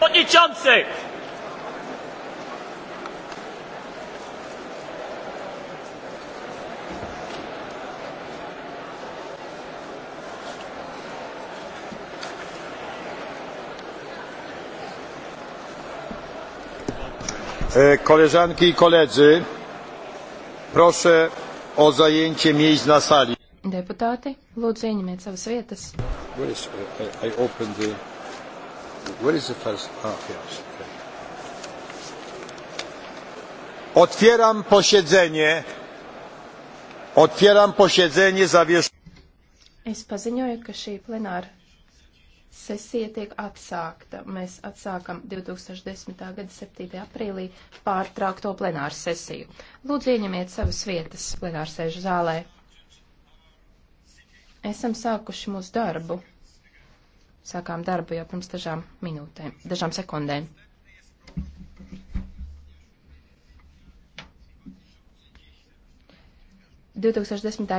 przewodniczący! E, koleżanki i koledzy, proszę o zajęcie miejsc na sali. Deputāti, lūdzu ieņemiet savas vietas. Where is, uh, I, I opened the... Where is the first? Ah, yes. Okay. Otwieram posiedzenie. Otwieram posiedzenie zawieszone. Es paziņoju, ka šī plenāra sesija tiek atsākta. Mēs atsākam 2010. gada 7. aprīlī pārtraukto plenāru sesiju. Lūdzu, ieņemiet savas vietas plenāru sēžu zālē. Esam sākuši mūsu darbu sākām darbu jau pirms dažām minūtēm, dažām sekundēm.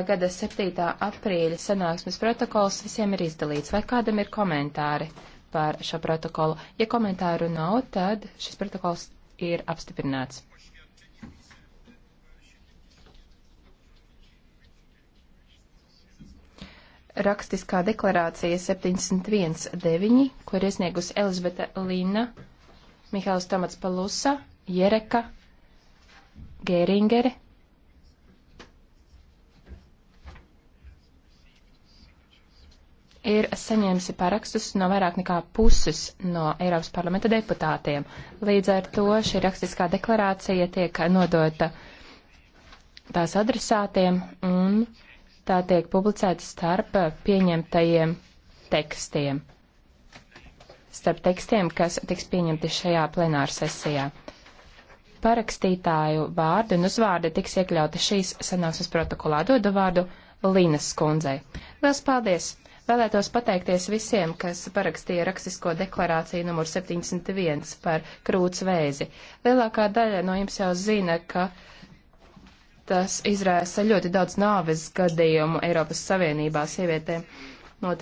gada 7. aprīļa sanāksmes protokols visiem ir izdalīts. Vai kādam ir komentāri par šo protokolu? Ja komentāru nav, tad šis protokols ir apstiprināts. rakstiskā deklarācija 71.9, ko ir iesniegusi Elizabete Līna, Mihāls Tomats Palusa, Jereka, Gēringere. Ir saņēmusi parakstus no vairāk nekā puses no Eiropas parlamenta deputātiem. Līdz ar to šī rakstiskā deklarācija tiek nodota tās adresātiem un tā tiek publicēta starp pieņemtajiem tekstiem. Starp tekstiem, kas tiks pieņemti šajā plenāra sesijā. Parakstītāju vārdi un uzvārdi tiks iekļauti šīs sanāksmes protokolā. Dodu vārdu Līnas skundzei. Liels paldies! Vēlētos pateikties visiem, kas parakstīja rakstisko deklarāciju numur 71 par krūts vēzi. Lielākā daļa no jums jau zina, ka uh, Tas izraisa ļoti daudz nāves gadījumu Eiropas Savienībā sievietēm no 13.